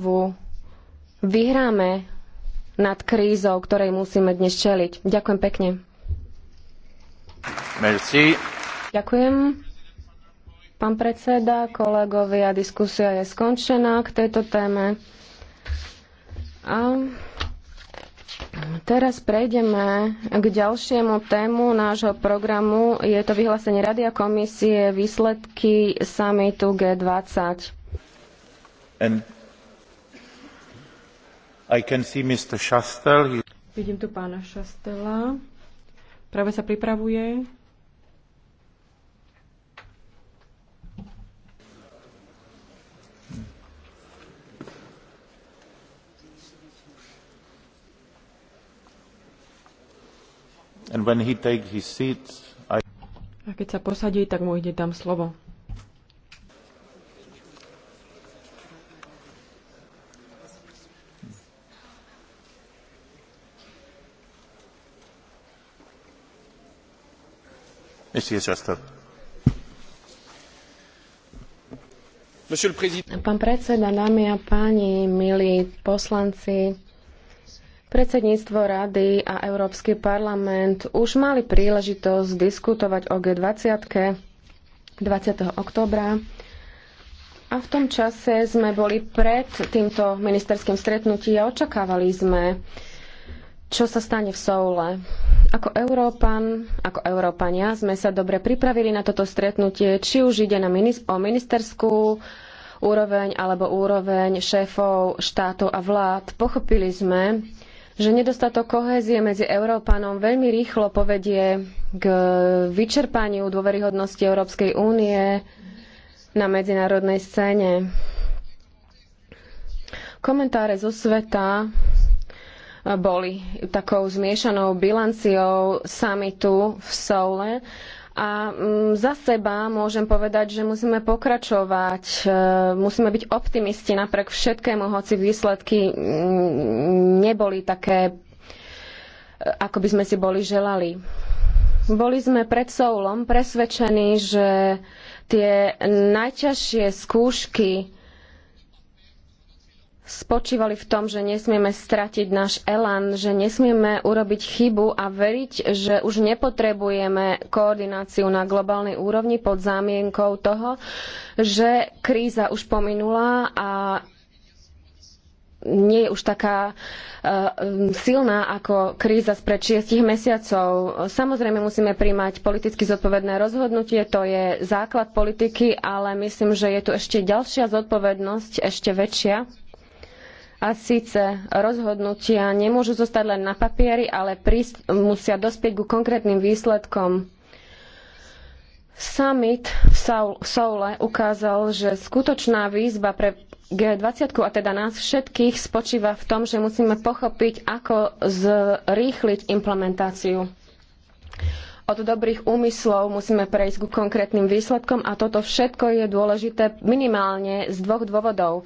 znovu vyhráme nad krízou, ktorej musíme dnes čeliť. Ďakujem pekne. Merci. Ďakujem. Pán predseda, kolegovia, diskusia je skončená k tejto téme. A teraz prejdeme k ďalšiemu tému nášho programu. Je to vyhlásenie Rady a komisie výsledky samitu G20. And i can see Mr. Šastel. Vidím tu pána Šastela. Práve sa pripravuje. And when he his seat, I... A keď sa posadí, tak mu ide dám slovo. Pán predseda, dámy a páni, milí poslanci, predsedníctvo Rady a Európsky parlament už mali príležitosť diskutovať o G20 20. oktobra. A v tom čase sme boli pred týmto ministerským stretnutím a očakávali sme, čo sa stane v Soule. Ako Európan, ako Európania sme sa dobre pripravili na toto stretnutie, či už ide na minis- o ministerskú úroveň alebo úroveň šéfov štátov a vlád. Pochopili sme, že nedostatok kohézie medzi Európanom veľmi rýchlo povedie k vyčerpaniu dôveryhodnosti Európskej únie na medzinárodnej scéne. Komentáre zo sveta boli takou zmiešanou bilanciou samitu v Soule. A mm, za seba môžem povedať, že musíme pokračovať, e, musíme byť optimisti napriek všetkému, hoci výsledky mm, neboli také, e, ako by sme si boli želali. Boli sme pred Soulom presvedčení, že tie najťažšie skúšky spočívali v tom, že nesmieme stratiť náš elan, že nesmieme urobiť chybu a veriť, že už nepotrebujeme koordináciu na globálnej úrovni pod zámienkou toho, že kríza už pominula a nie je už taká uh, silná ako kríza spred šiestich mesiacov. Samozrejme musíme príjmať politicky zodpovedné rozhodnutie, to je základ politiky, ale myslím, že je tu ešte ďalšia zodpovednosť, ešte väčšia a síce rozhodnutia nemôžu zostať len na papieri, ale musia dospieť ku konkrétnym výsledkom. Summit v Soule ukázal, že skutočná výzva pre G20 a teda nás všetkých spočíva v tom, že musíme pochopiť, ako zrýchliť implementáciu. Od dobrých úmyslov musíme prejsť ku konkrétnym výsledkom a toto všetko je dôležité minimálne z dvoch dôvodov.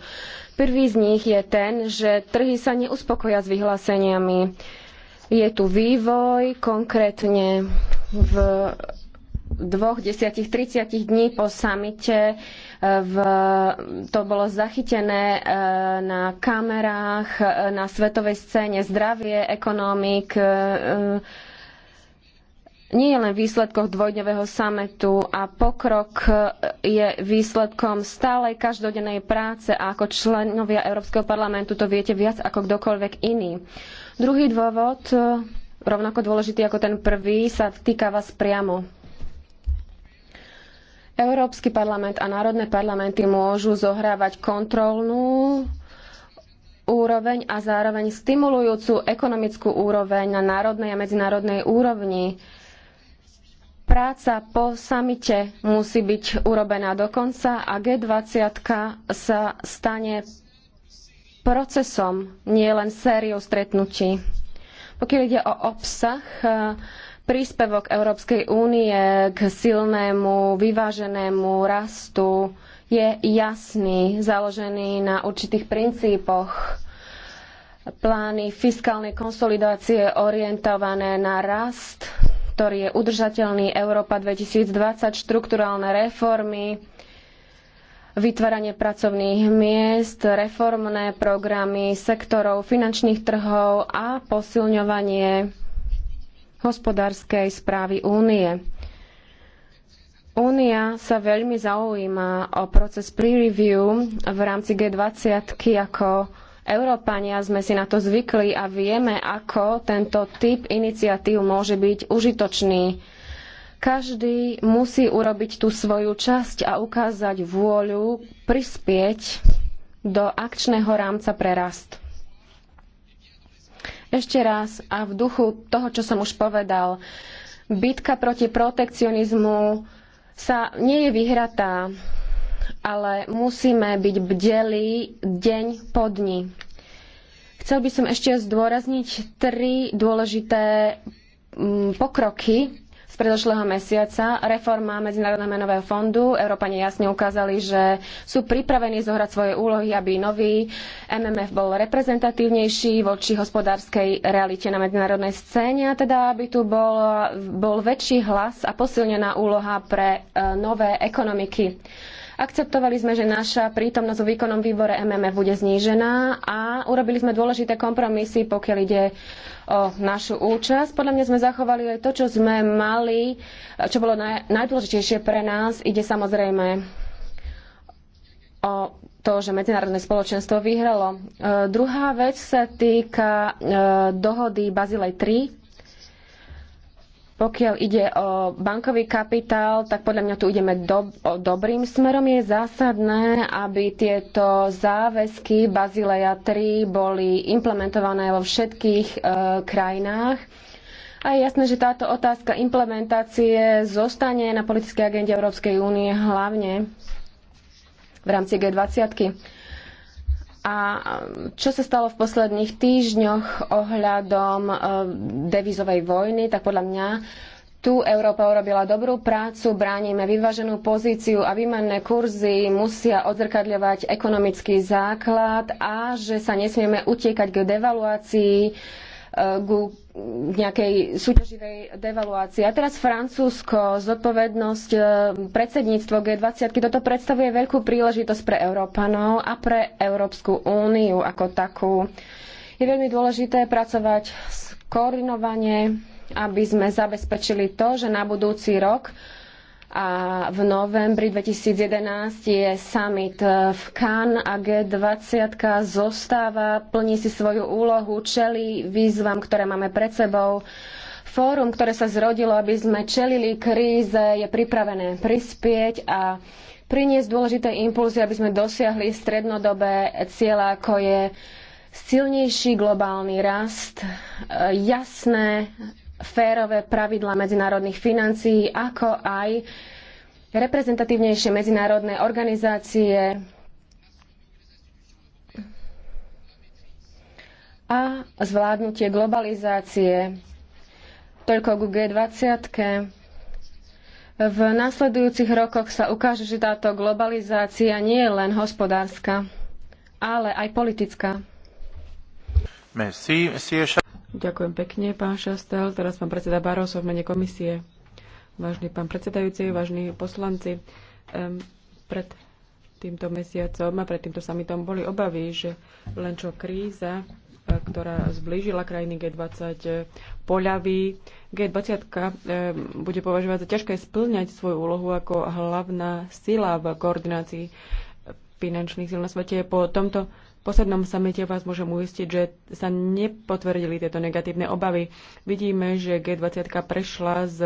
Prvý z nich je ten, že trhy sa neuspokoja s vyhláseniami. Je tu vývoj, konkrétne v dvoch, desiatich, triciatich dní po samite v, to bolo zachytené e, na kamerách, e, na svetovej scéne zdravie, ekonomik, e, nie je len výsledkoch dvojdňového sametu a pokrok je výsledkom stálej každodennej práce a ako členovia Európskeho parlamentu to viete viac ako kdokoľvek iný. Druhý dôvod, e, rovnako dôležitý ako ten prvý, sa týka vás priamo. Európsky parlament a národné parlamenty môžu zohrávať kontrolnú úroveň a zároveň stimulujúcu ekonomickú úroveň na národnej a medzinárodnej úrovni. Práca po samite musí byť urobená do konca a G20 sa stane procesom, nie len sériou stretnutí. Pokiaľ ide o obsah, eh, príspevok Európskej únie k silnému, vyváženému rastu je jasný, založený na určitých princípoch plány fiskálnej konsolidácie orientované na rast, ktorý je udržateľný Európa 2020, štrukturálne reformy, vytváranie pracovných miest, reformné programy sektorov finančných trhov a posilňovanie hospodárskej správy únie. Únia sa veľmi zaujíma o proces pre review v rámci G20 ako Európania sme si na to zvykli a vieme, ako tento typ iniciatív môže byť užitočný. Každý musí urobiť tú svoju časť a ukázať vôľu prispieť do akčného rámca pre rast. Ešte raz a v duchu toho, čo som už povedal, bitka proti protekcionizmu sa nie je vyhratá ale musíme byť bdelí deň po dni. Chcel by som ešte zdôrazniť tri dôležité mm, pokroky z predošlého mesiaca. Reforma Medzinárodného menového fondu. Európanie jasne ukázali, že sú pripravení zohrať svoje úlohy, aby nový MMF bol reprezentatívnejší voči hospodárskej realite na medzinárodnej scéne a teda aby tu bol, bol väčší hlas a posilnená úloha pre e, nové ekonomiky. Akceptovali sme, že naša prítomnosť v výkonnom výbore MMF bude znížená a urobili sme dôležité kompromisy, pokiaľ ide o našu účasť. Podľa mňa sme zachovali aj to, čo sme mali, čo bolo naj, najdôležitejšie pre nás. Ide samozrejme o to, že medzinárodné spoločenstvo vyhralo. E, druhá vec sa týka e, dohody Bazilej 3 pokiaľ ide o bankový kapitál, tak podľa mňa tu ideme do, o dobrým smerom. Je zásadné, aby tieto záväzky Bazileja 3 boli implementované vo všetkých e, krajinách. A je jasné, že táto otázka implementácie zostane na politickej agende Európskej únie hlavne v rámci G20. A čo sa stalo v posledných týždňoch ohľadom e, devizovej vojny, tak podľa mňa tu Európa urobila dobrú prácu, bránime vyváženú pozíciu a výmenné kurzy musia odzrkadľovať ekonomický základ a že sa nesmieme utiekať k devaluácii ku nejakej súťaživej devaluácii. A teraz Francúzsko, zodpovednosť e, predsedníctvo G20, toto predstavuje veľkú príležitosť pre Európanov a pre Európsku úniu ako takú. Je veľmi dôležité pracovať skoordinovane, aby sme zabezpečili to, že na budúci rok a v novembri 2011 je summit eh, v Cannes a G20 zostáva, plní si svoju úlohu, čelí výzvam, ktoré máme pred sebou. Fórum, ktoré sa zrodilo, aby sme čelili kríze, je pripravené prispieť a priniesť dôležité impulzy, aby sme dosiahli strednodobé cieľa, ako je silnejší globálny rast, eh, jasné férové pravidla medzinárodných financií, ako aj reprezentatívnejšie medzinárodné organizácie a zvládnutie globalizácie. Toľko ku G20. V nasledujúcich rokoch sa ukáže, že táto globalizácia nie je len hospodárska, ale aj politická. Merci, Ďakujem pekne, pán Šastel. Teraz pán predseda Barosov v mene komisie. Vážny pán predsedajúci, vážni poslanci, um, pred týmto mesiacom a pred týmto samitom boli obavy, že len čo kríza, e, ktorá zblížila krajiny G20 e, poľaví, G20 e, bude považovať za ťažké splňať svoju úlohu ako hlavná sila v koordinácii finančných síl na svete. Po tomto poslednom samite vás môžem uistiť, že sa nepotvrdili tieto negatívne obavy. Vidíme, že G20 prešla z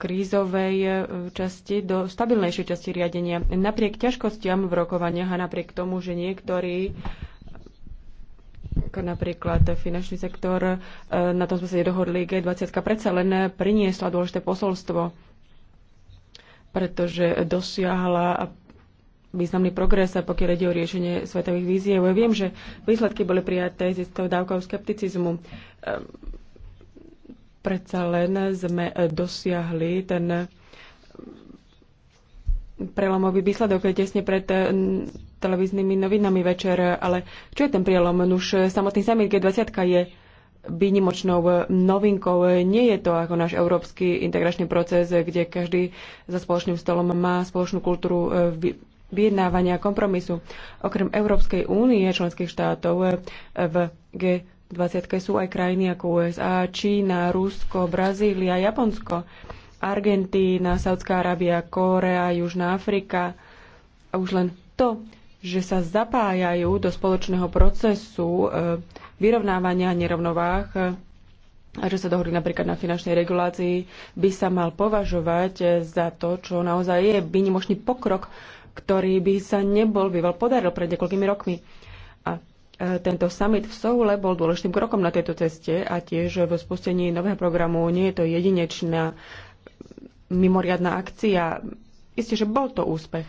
krízovej e, časti do stabilnejšej časti riadenia. Napriek ťažkostiam v rokovaniach a napriek tomu, že niektorí ako napríklad finančný sektor, e, na tom sme sa nedohodli, G20 predsa len priniesla dôležité posolstvo, pretože dosiahla významný progres, a pokiaľ ide o riešenie svetových víziev. Ja viem, že výsledky boli prijaté z istou dávkou skepticizmu. Ehm, predsa len sme e, dosiahli ten e, prelomový výsledok tesne pred e, televíznymi novinami večer, ale čo je ten prielom? No už samotný summit G20 je výnimočnou novinkou. Nie je to ako náš európsky integračný proces, kde každý za spoločným stolom má spoločnú kultúru vyjednávania kompromisu. Okrem Európskej únie členských štátov eh, v G20 sú aj krajiny ako USA, Čína, Rusko, Brazília, Japonsko, Argentína, Saudská Arábia, Kórea, Južná Afrika. A už len to, že sa zapájajú do spoločného procesu eh, vyrovnávania nerovnováh eh, a že sa dohodli napríklad na finančnej regulácii, by sa mal považovať za to, čo naozaj je výnimočný pokrok ktorý by sa nebol býval podaril pred niekoľkými rokmi. A e, tento summit v Soule bol dôležitým krokom na tejto ceste a tiež v spustení nového programu nie je to jedinečná mm, mimoriadná akcia. Isté, že bol to úspech.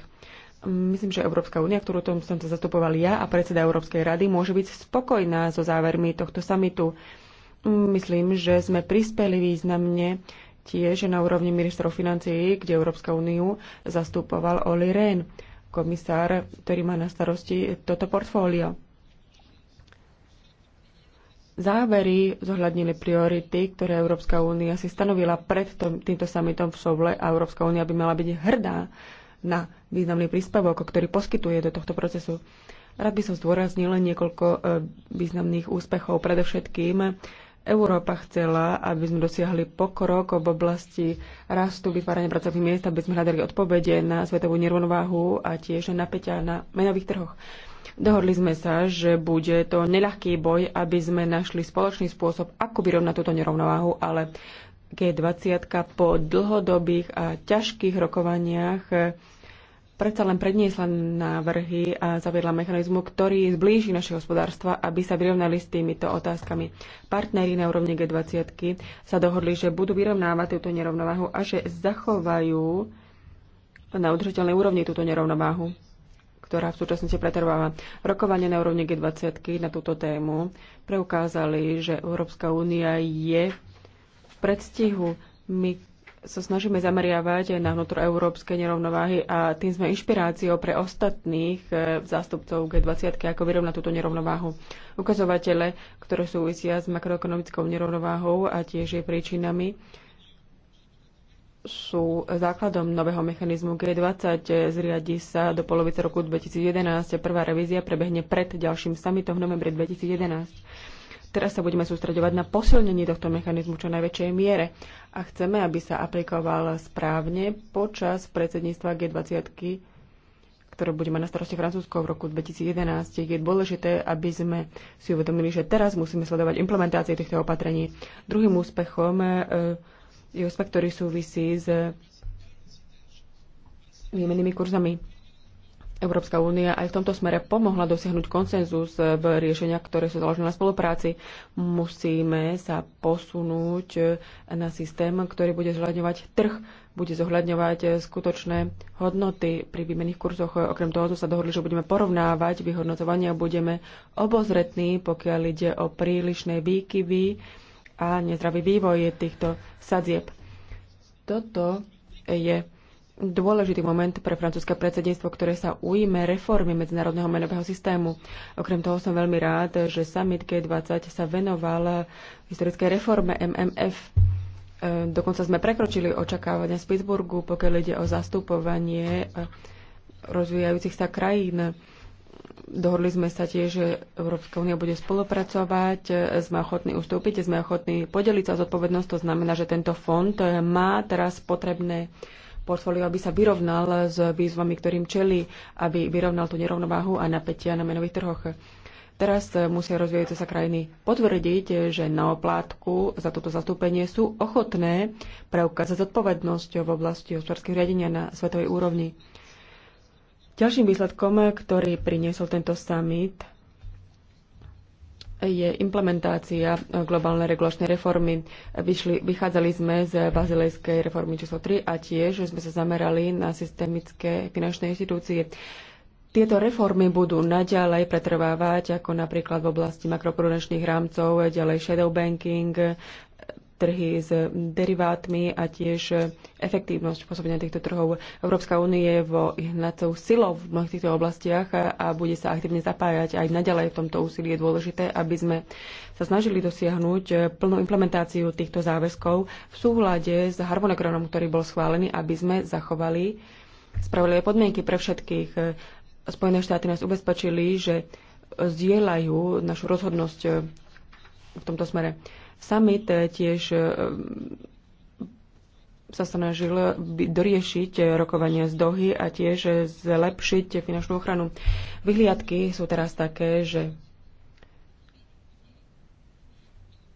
Myslím, že Európska únia, ktorú tom som sa zastupoval ja a predseda Európskej rady, môže byť spokojná so závermi tohto samitu. Myslím, že sme prispeli významne tiež na úrovni ministrov financií, kde Európska úniu zastupoval Oli Rehn, komisár, ktorý má na starosti toto portfólio. Závery zohľadnili priority, ktoré Európska únia si stanovila pred týmto summitom v Sovle a Európska únia by mala byť hrdá na významný príspevok, ktorý poskytuje do tohto procesu. Rád by som zdôraznil niekoľko e, významných úspechov, predovšetkým Európa chcela, aby sme dosiahli pokrok v oblasti rastu, vytvárania pracovných miest, aby sme hľadali odpovede na svetovú nerovnováhu a tiež na napäťa na menových trhoch. Dohodli sme sa, že bude to neľahký boj, aby sme našli spoločný spôsob, ako vyrovnať túto nerovnováhu, ale G20 po dlhodobých a ťažkých rokovaniach predsa len predniesla návrhy a zaviedla mechanizmu, ktorý zblíži naše hospodárstva, aby sa vyrovnali s týmito otázkami. Partnery na úrovni G20 sa dohodli, že budú vyrovnávať túto nerovnováhu a že zachovajú na udržateľnej úrovni túto nerovnováhu ktorá v súčasnosti pretrváva. Rokovanie na úrovni G20 na túto tému preukázali, že Európska únia je v predstihu. My sa snažíme zameriavať na vnútroeurópske nerovnováhy a tým sme inšpiráciou pre ostatných eh, zástupcov G20, ako vyrovnať túto nerovnováhu. Ukazovatele, ktoré súvisia s makroekonomickou nerovnováhou a tiež jej príčinami, sú základom nového mechanizmu G20. Zriadi sa do polovice roku 2011. Prvá revízia prebehne pred ďalším summitom v novembri 2011. Teraz sa budeme sústredovať na posilnenie tohto mechanizmu čo najväčšej miere a chceme, aby sa aplikoval správne počas predsedníctva G20, ktoré bude mať na starosti Francúzsko v roku 2011. Je dôležité, aby sme si uvedomili, že teraz musíme sledovať implementáciu týchto opatrení. Druhým úspechom e, je úspech, ktorý súvisí s výmennými kurzami Európska únia aj v tomto smere pomohla dosiahnuť konsenzus v riešeniach, ktoré sú založené na spolupráci. Musíme sa posunúť na systém, ktorý bude zohľadňovať trh, bude zohľadňovať skutočné hodnoty pri výmených kurzoch. Okrem toho sme sa dohodli, že budeme porovnávať vyhodnocovania, budeme obozretní, pokiaľ ide o prílišné výkyvy a nezdravý vývoj týchto sadzieb. Toto je dôležitý moment pre francúzske predsedníctvo, ktoré sa ujme reformy medzinárodného menového systému. Okrem toho som veľmi rád, že summit G20 sa venoval historickej reforme MMF. E, dokonca sme prekročili očakávania z Pittsburghu, pokiaľ ide o zastupovanie e, rozvíjajúcich sa krajín. Dohodli sme sa tiež, že Európska únia bude spolupracovať, e, sme ochotní ustúpiť, sme ochotní podeliť sa zodpovednosť. To znamená, že tento fond má teraz potrebné portfólio, aby sa vyrovnal s výzvami, ktorým čeli, aby vyrovnal tú nerovnováhu a napätia na menových trhoch. Teraz musia rozvíjajúce sa krajiny potvrdiť, že na oplátku za toto zastúpenie sú ochotné preukázať zodpovednosť v oblasti hospodárskeho riadenia na svetovej úrovni. Ďalším výsledkom, ktorý priniesol tento summit, je implementácia e, globálnej regulačnej reformy. Vyšli, vychádzali sme z bazilejskej reformy číslo 3 a tiež sme sa zamerali na systemické finančné inštitúcie. Tieto reformy budú naďalej pretrvávať, ako napríklad v oblasti makroprudenčných rámcov, ďalej shadow banking, trhy s derivátmi a tiež efektívnosť pôsobenia týchto trhov. Európska únie je vo hnacou silou v mnohých týchto oblastiach a bude sa aktívne zapájať aj naďalej v tomto úsilí. Je dôležité, aby sme sa snažili dosiahnuť plnú implementáciu týchto záväzkov v súhľade s harmonogramom, ktorý bol schválený, aby sme zachovali spravodlivé podmienky pre všetkých. Spojené štáty nás ubezpečili, že zdieľajú našu rozhodnosť v tomto smere. Summit eh, tiež eh, sa snažil doriešiť eh, rokovania z Dohy a tiež zlepšiť finančnú ochranu. Vyhliadky sú teraz také, že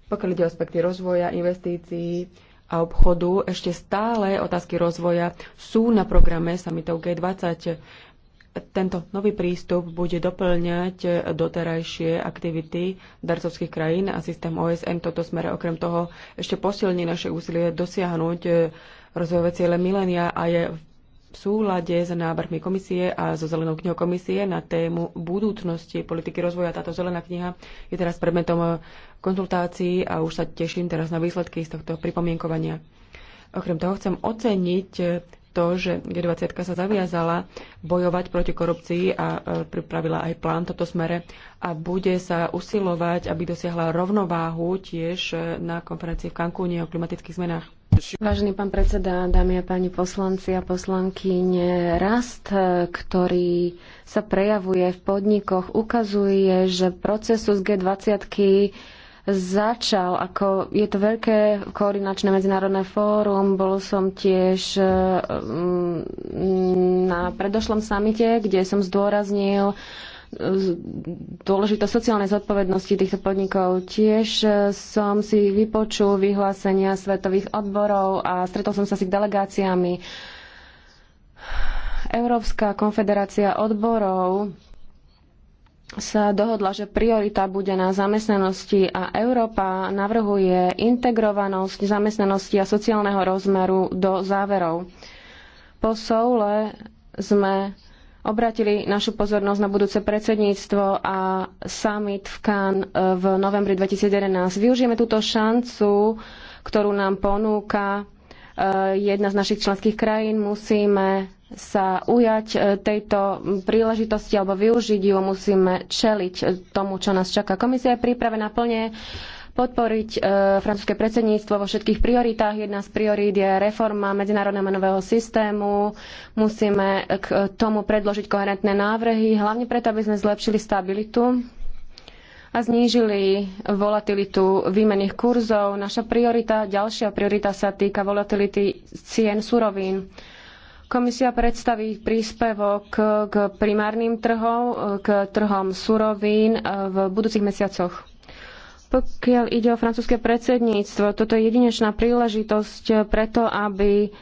pokiaľ ide o aspekty rozvoja, investícií a obchodu, ešte stále otázky rozvoja sú na programe Samitov G20. Tento nový prístup bude doplňať doterajšie aktivity darcovských krajín a systém OSN toto smere okrem toho ešte posilní naše úsilie dosiahnuť eh, rozvojové ciele milénia a je v súlade s návrhmi komisie a so zelenou knihou komisie na tému budúcnosti politiky rozvoja. Táto zelená kniha je teraz predmetom eh, konzultácií a už sa teším teraz na výsledky z tohto pripomienkovania. Okrem toho chcem oceniť eh, to, že G20 sa zaviazala bojovať proti korupcii a e, pripravila aj plán v toto smere a bude sa usilovať, aby dosiahla rovnováhu tiež e, na konferencii v Cancúne o klimatických zmenách. Vážený pán predseda, dámy a páni poslanci a poslanky, rast, e, ktorý sa prejavuje v podnikoch, ukazuje, že procesus G20 začal, ako je to veľké koordinačné medzinárodné fórum. Bol som tiež e, mm, na predošlom samite, kde som zdôraznil e, dôležitosť sociálnej zodpovednosti týchto podnikov. Tiež e, som si vypočul vyhlásenia svetových odborov a stretol som sa s ich delegáciami. Európska konfederácia odborov sa dohodla, že priorita bude na zamestnanosti a Európa navrhuje integrovanosť zamestnanosti a sociálneho rozmeru do záverov. Po Soule sme obratili našu pozornosť na budúce predsedníctvo a summit v Cannes e, v novembri 2011. Využijeme túto šancu, ktorú nám ponúka Eh, jedna z našich členských krajín, musíme sa ujať eh, tejto príležitosti alebo využiť ju, musíme čeliť eh, tomu, čo nás čaká. Komisia je pripravená plne podporiť e, francúzske predsedníctvo vo všetkých prioritách. Jedna z priorít je reforma medzinárodného menového systému. Musíme k tomu predložiť koherentné návrhy, hlavne preto, aby sme zlepšili stabilitu a znížili volatilitu výmenných kurzov. Naša priorita, ďalšia priorita sa týka volatility cien surovín. Komisia predstaví príspevok k primárnym trhom, k trhom surovín v budúcich mesiacoch. Pokiaľ ide o francúzske predsedníctvo, toto je jedinečná príležitosť preto, aby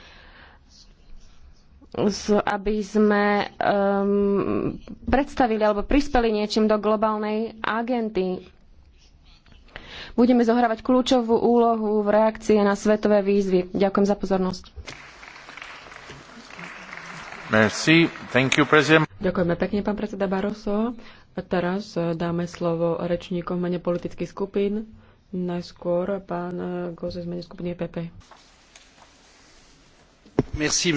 aby sme um, predstavili alebo prispeli niečím do globálnej agenty. Budeme zohrávať kľúčovú úlohu v reakcie na svetové výzvy. Ďakujem za pozornosť. Merci. Thank you, president. Ďakujeme pekne, pán predseda Barroso. A teraz eh, dáme slovo rečníkom mene politických skupín. Najskôr pán eh, Gozes z mene skupiny PP. E Merci,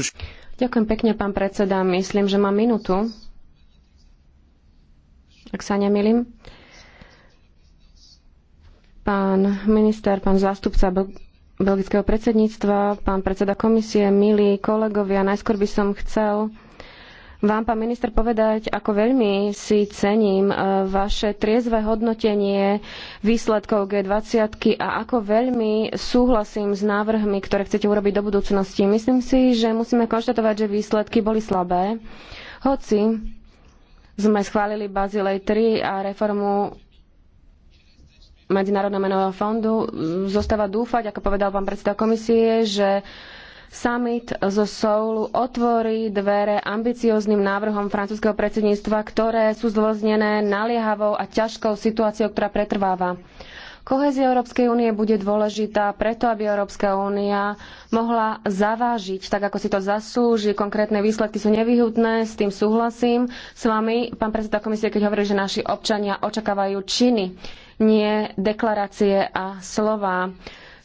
Ďakujem pekne, pán predseda. Myslím, že mám minútu. Ak sa nemilím. Pán minister, pán zástupca belgického predsedníctva, pán predseda komisie, milí kolegovia, najskôr by som chcel vám, pán minister, povedať, ako veľmi si cením eh, vaše triezve hodnotenie výsledkov G20 a ako veľmi súhlasím s návrhmi, ktoré chcete urobiť do budúcnosti. Myslím si, že musíme konštatovať, že výsledky boli slabé, hoci sme schválili Bazilej 3 a reformu Medzinárodného menového fondu. Zostáva dúfať, ako povedal pán predseda komisie, že Summit zo Soulu otvorí dvere ambicióznym návrhom francúzskeho predsedníctva, ktoré sú zdôznené naliehavou a ťažkou situáciou, ktorá pretrváva. Kohézia Európskej únie bude dôležitá preto, aby Európska únia mohla zavážiť, tak ako si to zaslúži. Konkrétne výsledky sú nevyhutné, s tým súhlasím s vami, pán predseda komisie, keď hovorí, že naši občania očakávajú činy, nie deklarácie a slová.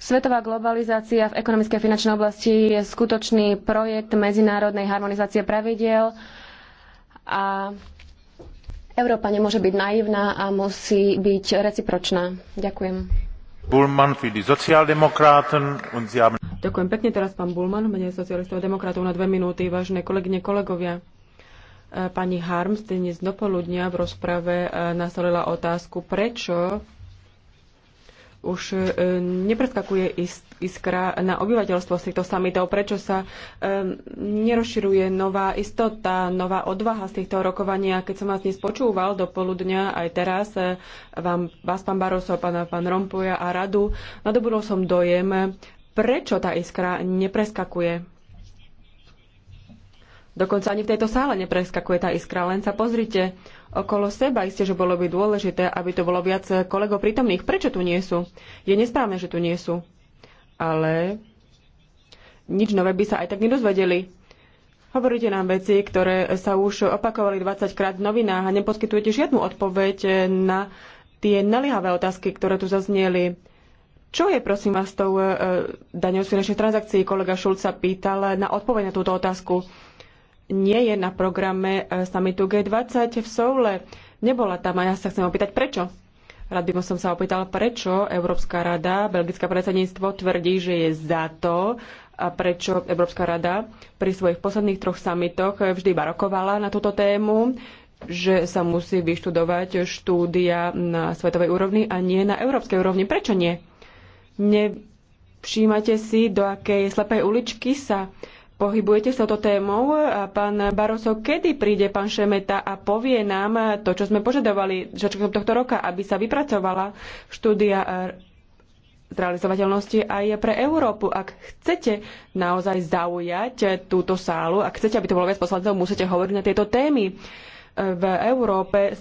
Svetová globalizácia v ekonomickej a finančnej oblasti je skutočný projekt medzinárodnej harmonizácie pravidiel a Európa nemôže byť naivná a musí byť recipročná. Ďakujem. Bulman für die Sozialdemokraten und Sie haben... Ďakujem pekne teraz pán Bulman, mene socialistov a demokratov na dve minúty, vážne kolegyne, kolegovia. E, pani Harms dnes dopoludnia v rozprave e, nastolila otázku, prečo už e, nepreskakuje iskra na obyvateľstvo z týchto samitov? Prečo sa e, nerozširuje nová istota, nová odvaha z týchto rokovania? Keď som vás dnes počúval do poludňa, aj teraz e, vám, vás, pán Barroso, pána pán Rompuja a radu, nadobudol som dojem, prečo tá iskra nepreskakuje Dokonca ani v tejto sále nepreskakuje tá iskra, len sa pozrite okolo seba. Isté, že bolo by dôležité, aby to bolo viac kolegov prítomných. Prečo tu nie sú? Je nesprávne, že tu nie sú. Ale nič nové by sa aj tak nedozvedeli. Hovoríte nám veci, ktoré sa už opakovali 20 krát v novinách a neposkytujete žiadnu odpoveď na tie naliehavé otázky, ktoré tu zazneli. Čo je, prosím vás, s tou e, daňou z finančnej transakcií? Kolega Šulca pýtal na odpoveď na túto otázku nie je na programe e, samitu G20 v Soule. Nebola tam a ja sa chcem opýtať, prečo? Rád by som sa opýtal, prečo Európska rada, belgické predsedníctvo tvrdí, že je za to a prečo Európska rada pri svojich posledných troch samitoch vždy barokovala na túto tému, že sa musí vyštudovať štúdia na svetovej úrovni a nie na európskej úrovni. Prečo nie? Nevšímate si, do akej slepej uličky sa pohybujete sa to témou. Pán Baroso, kedy príde pán Šemeta a povie nám to, čo sme požadovali začiatkom tohto roka, aby sa vypracovala štúdia zrealizovateľnosti aj pre Európu. Ak chcete naozaj zaujať túto sálu, ak chcete, aby to bolo viac poslancov, musíte hovoriť na tieto témy. V Európe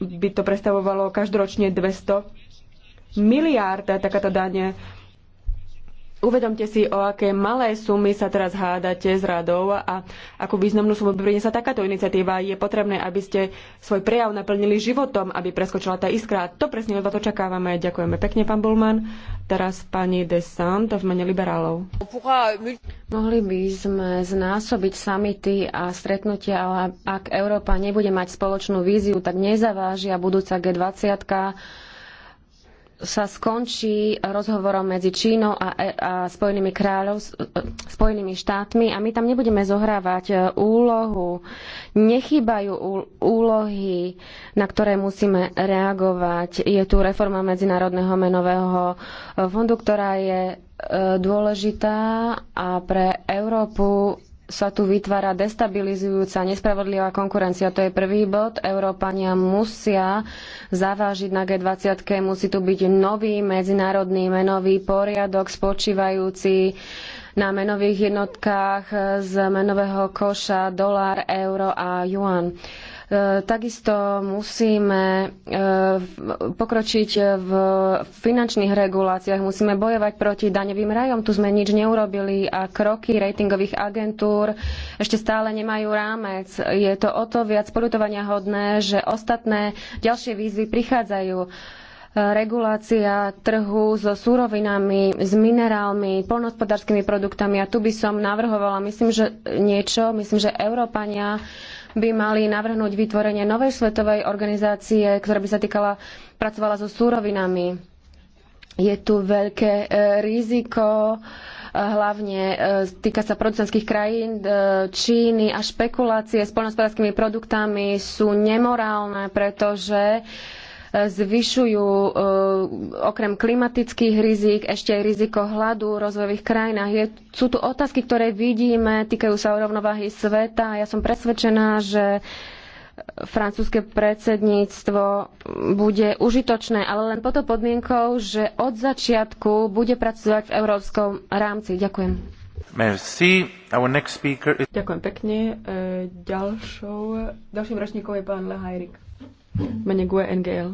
by to predstavovalo každoročne 200 miliárd takáto dáne Uvedomte si, o aké malé sumy sa teraz hádate s radou a akú významnú sumu sa takáto iniciatíva. Je potrebné, aby ste svoj prejav naplnili životom, aby preskočila tá iskra. To presne od vás očakávame. Ďakujeme pekne, pán Bulman. Teraz pani Desant v mene liberálov. Mohli by sme znásobiť samity a stretnutia, ale ak Európa nebude mať spoločnú víziu, tak nezavážia budúca G20 sa skončí rozhovorom medzi Čínou a, e- a Spojenými, kráľov, Spojenými štátmi a my tam nebudeme zohrávať e, úlohu. Nechýbajú úlohy, na ktoré musíme reagovať. Je tu reforma Medzinárodného menového e, fondu, ktorá je dôležitá a pre Európu sa tu vytvára destabilizujúca, nespravodlivá konkurencia. To je prvý bod. Európania musia zavážiť na G20. Musí tu byť nový medzinárodný menový poriadok spočívajúci na menových jednotkách z menového koša dolár, euro a juan. E, takisto musíme e, pokročiť v finančných reguláciách, musíme bojovať proti daňovým rajom. Tu sme nič neurobili a kroky ratingových agentúr ešte stále nemajú rámec. Je to o to viac polutovania hodné, že ostatné ďalšie výzvy prichádzajú e, regulácia trhu so súrovinami, s minerálmi, poľnohospodárskymi produktami. A tu by som navrhovala, myslím, že niečo, myslím, že Európania by mali navrhnúť vytvorenie novej svetovej organizácie, ktorá by sa týkala, pracovala so súrovinami. Je tu veľké e, riziko, e, hlavne e, týka sa producentských krajín, Číny a špekulácie s poľnohospodárskymi produktami sú nemorálne, pretože zvyšujú e, okrem klimatických rizik ešte aj riziko hladu v rozvojových krajinách. Je, sú tu otázky, ktoré vidíme, týkajú sa rovnováhy sveta. Ja som presvedčená, že francúzske predsedníctvo bude užitočné, ale len pod to podmienkou, že od začiatku bude pracovať v európskom rámci. Ďakujem. Is... Ďakujem pekne. E, ďalšou, ďalším ročníkom je pán Lehajrik. Mene GUE NGL.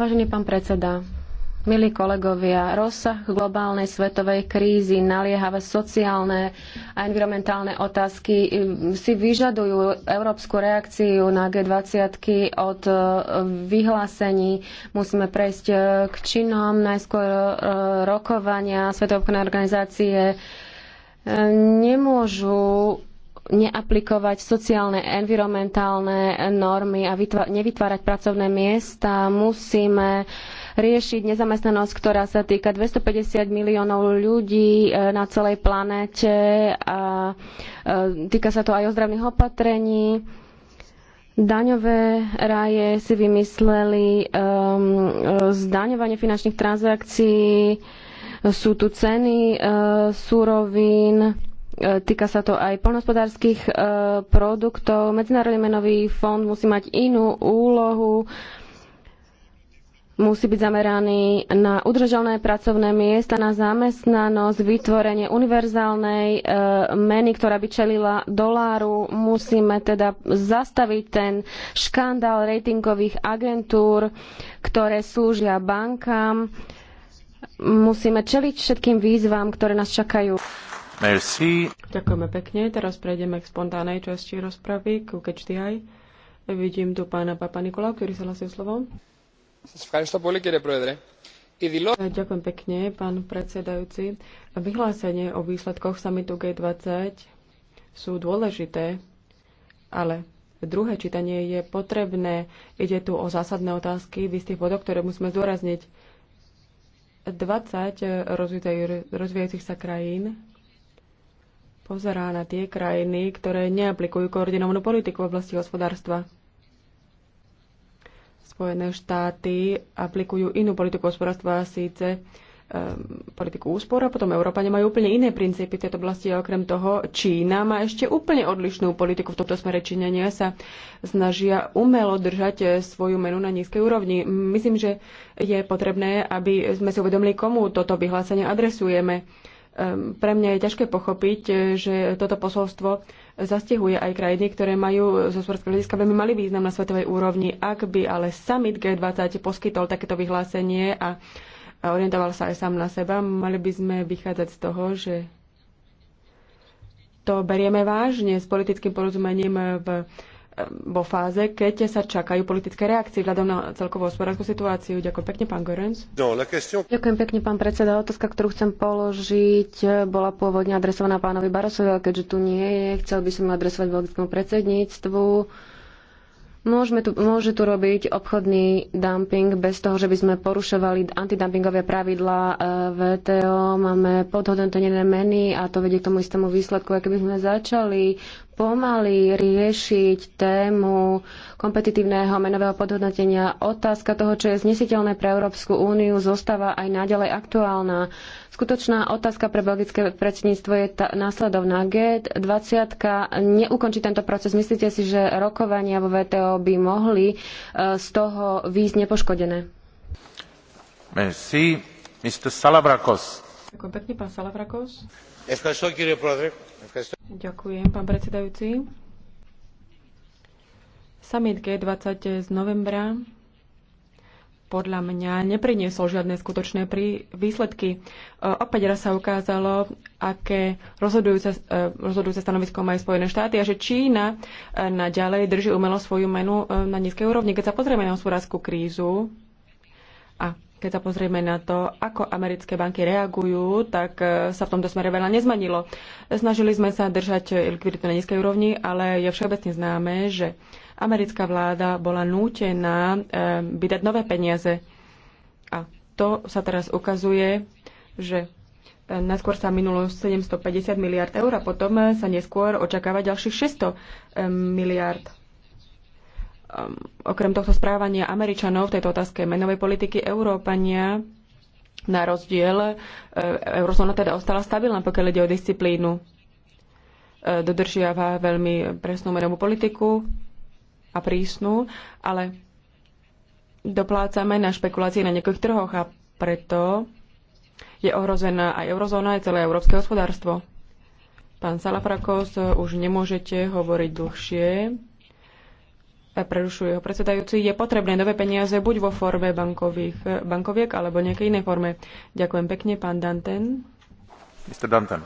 Vážený pán predseda, Milí kolegovia, rozsah globálnej svetovej krízy, naliehavé sociálne a environmentálne otázky si vyžadujú európsku reakciu na G20 od e, vyhlásení. Musíme prejsť e, k činom, najskôr e, rokovania Svetovknej organizácie nemôžu neaplikovať sociálne, environmentálne normy a nevytvárať pracovné miesta. Musíme riešiť nezamestnanosť, ktorá sa týka 250 miliónov ľudí e, na celej planéte a e, týka sa to aj ozdravných opatrení. Daňové raje si vymysleli um, zdaňovanie finančných transakcií, sú tu ceny uh, surovín, E, týka sa to aj polnospodárských e, produktov. Medzinárodný menový fond musí mať inú úlohu, musí byť zameraný na udržateľné pracovné miesta, na zamestnanosť, vytvorenie univerzálnej e, meny, ktorá by čelila doláru. Musíme teda zastaviť ten škandál ratingových agentúr, ktoré slúžia bankám. Musíme čeliť všetkým výzvam, ktoré nás čakajú. Merci. Ďakujeme pekne. Teraz prejdeme k spontánej časti rozpravy, ku KHDI. Vidím tu pána Papa Nikola, ktorý sa hlasil slovo. Eh, ďakujem pekne, pán predsedajúci. Vyhlásenie o výsledkoch samitu G20 sú dôležité, ale druhé čítanie je potrebné. Ide tu o zásadné otázky v istých bodoch, ktoré musíme zdôrazniť. 20 rozvíjajúcich sa krajín pozerá na tie krajiny, ktoré neaplikujú koordinovanú politiku v oblasti hospodárstva. Spojené štáty aplikujú inú politiku hospodárstva, síce ehm, politiku úspor a potom Európa nemajú úplne iné princípy v tejto oblasti. A okrem toho Čína má ešte úplne odlišnú politiku v tomto smere. Číňania sa snažia umelo držať e, svoju menu na nízkej úrovni. Myslím, že je potrebné, aby sme si uvedomili, komu toto vyhlásenie adresujeme. Ehm, pre mňa je ťažké pochopiť, e, že toto posolstvo zastihuje aj krajiny, ktoré majú zo sporského hľadiska veľmi malý význam na svetovej úrovni. Ak by ale summit G20 poskytol takéto vyhlásenie a orientoval sa aj sám na seba, mali by sme vychádzať z toho, že to berieme vážne s politickým porozumením v vo fáze, keď sa čakajú politické reakcie vzhľadom na celkovú hospodárskú situáciu. Ďakujem pekne, pán Gorens. No, question... Ďakujem pekne, pán predseda. Otázka, ktorú chcem položiť, bola pôvodne adresovaná pánovi Barosovi, ale keďže tu nie je, chcel by som ju adresovať belgickému predsedníctvu. Môžeme tu, môže tu robiť obchodný dumping bez toho, že by sme porušovali antidumpingové pravidlá eh, VTO. Máme podhodnotené meny a to vedie k tomu istému výsledku. A keby sme začali pomaly riešiť tému kompetitívneho menového podhodnotenia. Otázka toho, čo je znesiteľné pre Európsku úniu, zostáva aj naďalej aktuálna. Skutočná otázka pre belgické predsedníctvo je tá následovná. G20 neukončí tento proces. Myslíte si, že rokovania vo VTO by mohli e, z toho výjsť nepoškodené? Merci. Mr. Salavrakos. Ďakujem pekne, pán Salavrakos. Ďakujem, pán predsedajúci. Summit G20 z novembra podľa mňa nepriniesol žiadne skutočné výsledky. E, opäť raz sa ukázalo, aké rozhodujúce, e, rozhodujúce stanovisko majú Spojené štáty a že Čína e, naďalej drží umelo svoju menu na nízkej úrovni. Keď sa pozrieme na hospodárskú krízu, keď sa pozrieme na to, ako americké banky reagujú, tak e, sa v tomto smere veľa nezmenilo. Snažili sme sa držať likviditu na nízkej úrovni, ale je všeobecne známe, že americká vláda bola nútená e, vydať nové peniaze. A to sa teraz ukazuje, že e, Najskôr sa minulo 750 miliard eur a potom sa neskôr očakáva ďalších 600 miliard Um, okrem tohto správania Američanov v tejto otázke menovej politiky Európania na rozdiel e, eurozóna teda ostala stabilná, pokiaľ ide o disciplínu. E, dodržiava veľmi presnú menovú politiku a prísnu, ale doplácame na špekulácie na niekoľkých trhoch a preto je ohrozená aj eurozóna, aj celé európske hospodárstvo. Pán Salafrakos, už nemôžete hovoriť dlhšie. E, prerušuje ho predsedajúci, je potrebné nové peniaze buď vo forme bankových, e, bankoviek alebo nejakej inej forme. Ďakujem pekne, pán Danten. Mr. Danten.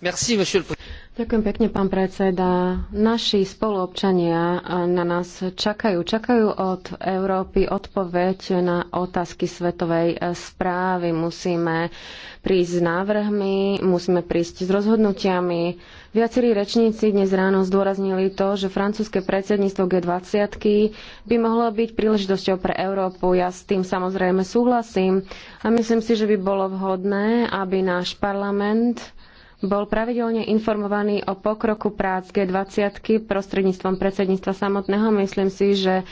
Merci, monsieur le Ďakujem pekne, pán predseda. Naši spoluobčania eh, na nás čakajú. Čakajú od Európy odpoveď na otázky svetovej eh, správy. Musíme prísť s návrhmi, musíme prísť s rozhodnutiami. Viacerí rečníci dnes ráno zdôraznili to, že francúzske predsedníctvo G20 by mohlo byť príležitosťou pre Európu. Ja s tým samozrejme súhlasím a myslím si, že by bolo vhodné, aby náš parlament bol pravidelne informovaný o pokroku prác G20 prostredníctvom predsedníctva samotného. Myslím si, že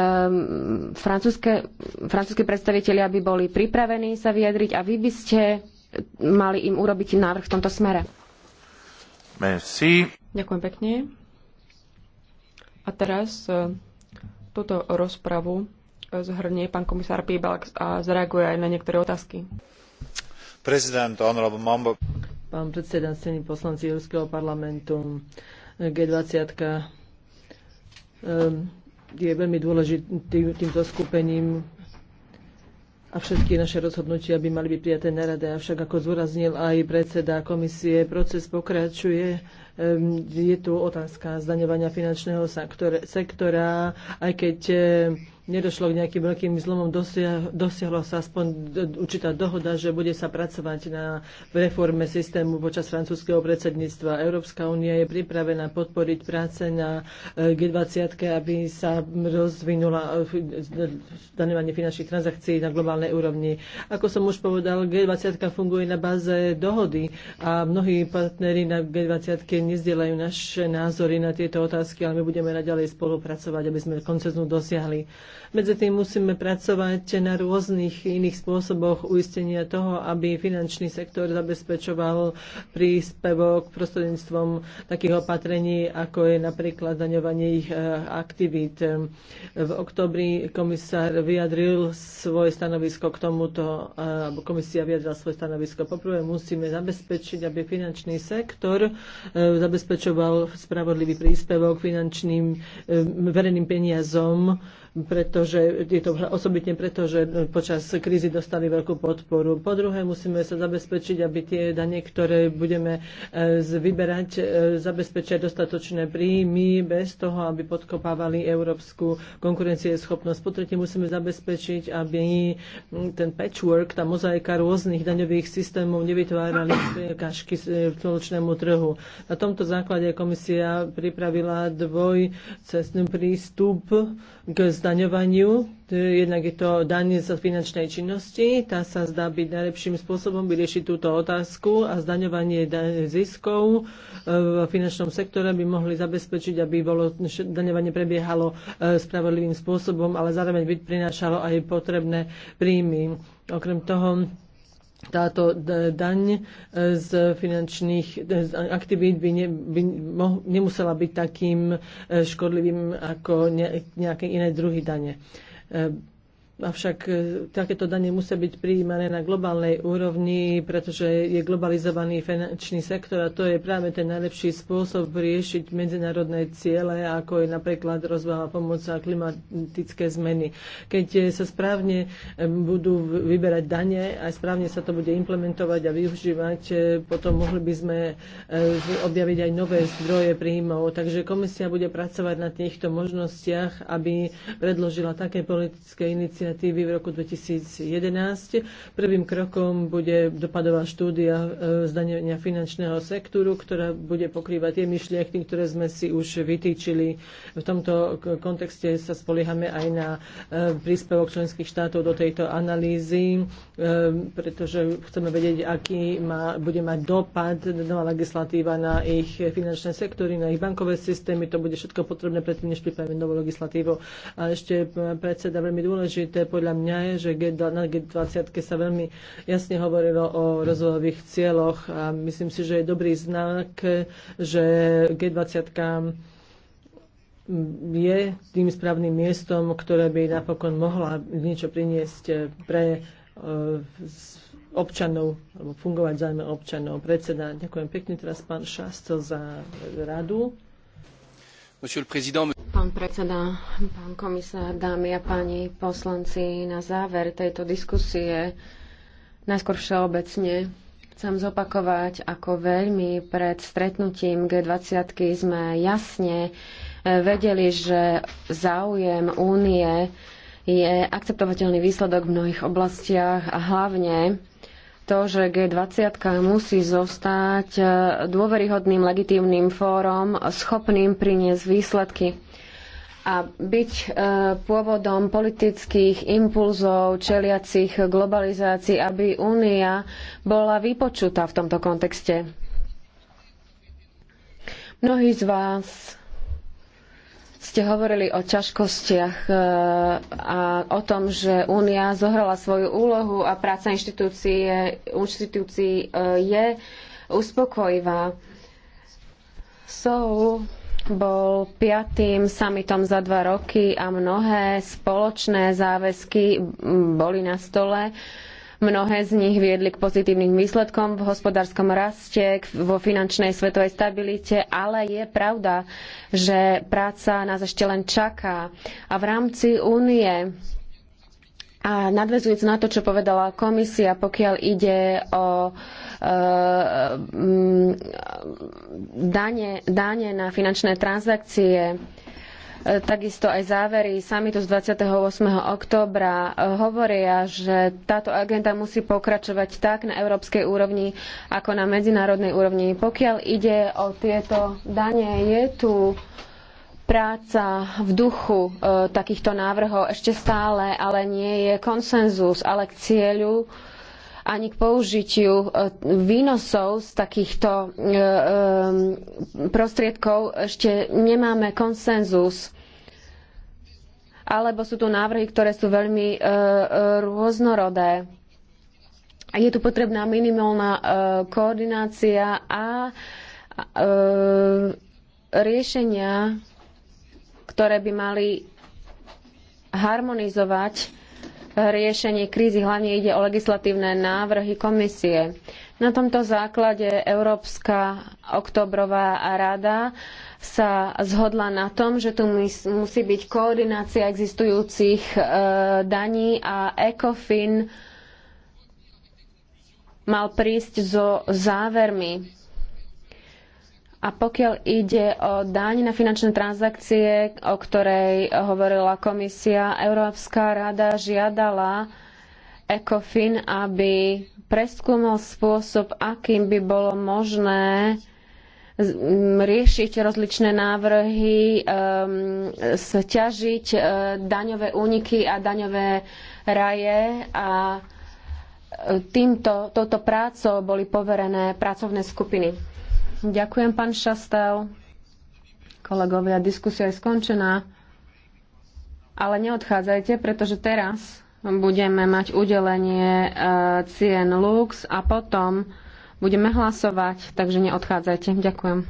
um, francúzske predstavitelia by boli pripravení sa vyjadriť a vy by ste mali im urobiť návrh v tomto smere. Merci. Ďakujem pekne. A teraz e, túto rozpravu e, zhrnie pán komisár Píbalx a zareaguje aj na niektoré otázky. Prezident, honorable pán predseda, cení poslanci Európskeho parlamentu. G20 ehm, je veľmi dôležitý týmto skupením a všetky naše rozhodnutia by mali byť prijaté na rade. Avšak, ako zúraznil aj predseda komisie, proces pokračuje. Ehm, je tu otázka zdaňovania finančného sektora, aj keď ehm, nedošlo k nejakým veľkým zlomom, dosiahla sa aspoň určitá dohoda, že bude sa pracovať na reforme systému počas francúzského predsedníctva. Európska únia je pripravená podporiť práce na e, G20, aby sa rozvinula e, danovanie finančných transakcií na globálnej úrovni. Ako som už povedal, G20 funguje na báze dohody a mnohí partnery na G20 nezdielajú naše názory na tieto otázky, ale my budeme naďalej spolupracovať, aby sme koncesnú dosiahli. Medzi tým musíme pracovať na rôznych iných spôsoboch uistenia toho, aby finančný sektor zabezpečoval príspevok prostredníctvom takých opatrení, ako je napríklad daňovanie ich e, aktivít. V oktobri komisár vyjadril svoje stanovisko k tomuto, e, alebo komisia vyjadrila svoje stanovisko. Poprvé musíme zabezpečiť, aby finančný sektor e, zabezpečoval spravodlivý príspevok finančným verejným peniazom pretože je to osobitne preto, že počas krízy dostali veľkú podporu. Po druhé, musíme sa zabezpečiť, aby tie dane, ktoré budeme e, vyberať, e, zabezpečia dostatočné príjmy bez toho, aby podkopávali európsku konkurencieschopnosť. Po tretie, musíme zabezpečiť, aby ten patchwork, tá mozaika rôznych daňových systémov nevytvárali kašky e, spoločnému trhu. Na tomto základe komisia pripravila dvojcestný prístup k zdaňovaniu zdaňovaniu. Jednak je to daň z finančnej činnosti. Tá sa zdá byť najlepším spôsobom vyriešiť túto otázku a zdaňovanie ziskov e, v finančnom sektore by mohli zabezpečiť, aby bolo, zdaňovanie prebiehalo e, spravodlivým spôsobom, ale zároveň by prinášalo aj potrebné príjmy. Okrem toho táto daň e, z finančných e, aktivít by, ne, by mo, nemusela byť takým e, škodlivým ako nejaké iné druhy dane. Avšak e, takéto dane musia byť prijímané na globálnej úrovni, pretože je globalizovaný finančný sektor a to je práve ten najlepší spôsob riešiť medzinárodné ciele, ako je napríklad rozvoja pomoc a klimatické zmeny. Keď e, sa správne e, budú vyberať dane, a správne sa to bude implementovať a využívať, potom mohli by sme objaviť aj nové zdroje príjmov. Takže komisia bude pracovať na týchto možnostiach, aby predložila také politické iniciatívy, iniciatívy v roku 2011. Prvým krokom bude dopadová štúdia e, zdania finančného sektoru, ktorá bude pokrývať tie myšlienky, ktoré sme si už vytýčili. V tomto kontexte sa spoliehame aj na e, príspevok členských štátov do tejto analýzy, e, pretože chceme vedieť, aký má, bude mať dopad nová legislatíva na ich finančné sektory, na ich bankové systémy. To bude všetko potrebné predtým, než pripravíme novú legislatívu. A ešte predseda veľmi dôležité dôležité podľa mňa je, že na G20 sa veľmi jasne hovorilo o rozvojových cieľoch a myslím si, že je dobrý znak, že G20 je tým správnym miestom, ktoré by napokon mohla niečo priniesť pre e, občanov, alebo fungovať zájme občanov. Predseda, ďakujem pekne teraz pán Šastel za radu. Pán predseda, pán komisár, dámy a páni poslanci, na záver tejto diskusie najskôr všeobecne chcem zopakovať, ako veľmi pred stretnutím G20 sme jasne e, vedeli, že záujem únie je akceptovateľný výsledok v mnohých oblastiach a hlavne to, že G20 musí zostať e, dôveryhodným, legitímnym fórom, schopným priniesť výsledky a byť e, pôvodom politických impulzov čeliacich globalizácií, aby Únia bola vypočutá v tomto kontexte. Mnohí z vás ste hovorili o ťažkostiach e, a o tom, že Únia zohrala svoju úlohu a práca inštitúcie, inštitúcií je e, uspokojivá. Soul bol piatým samitom za dva roky a mnohé spoločné záväzky boli na stole. Uh, Mnohé z nich viedli k pozitívnym výsledkom v hospodárskom raste, vo finančnej svetovej stabilite, ale je pravda, že práca nás ešte len čaká. A v rámci únie a nadvezujúc na to, čo povedala komisia, pokiaľ ide o e, dane, dane na finančné transakcie, Takisto aj závery samitu z 28. októbra eh, hovoria, že táto agenda musí pokračovať tak na európskej úrovni, ako na medzinárodnej úrovni. Pokiaľ ide o tieto dane, je tu práca v duchu e, takýchto návrhov ešte stále, ale nie je konsenzus, ale k cieľu ani k použitiu e, výnosov z takýchto e, prostriedkov ešte nemáme konsenzus alebo sú tu návrhy, ktoré sú veľmi e, e, rôznorodé. Je tu potrebná minimálna e, koordinácia a riešenia, ktoré by mali harmonizovať riešenie krízy. Hlavne ide o legislatívne návrhy komisie. Na tomto základe Európska oktobrová rada sa zhodla na tom, že tu musí byť koordinácia existujúcich e, daní a ECOFIN mal prísť so závermi. A pokiaľ ide o daň na finančné transakcie, o ktorej hovorila komisia, Európska rada žiadala ECOFIN, aby preskúmal spôsob, akým by bolo možné riešiť rozličné návrhy, sťažiť e, daňové úniky a daňové raje a e, týmto, touto prácou boli poverené pracovné skupiny. Ďakujem, pán Šastel. Kolegovia, diskusia je skončená. Ale neodchádzajte, pretože teraz budeme mať udelenie e, cien Lux a potom budeme hlasovať, takže neodchádzajte. Ďakujem.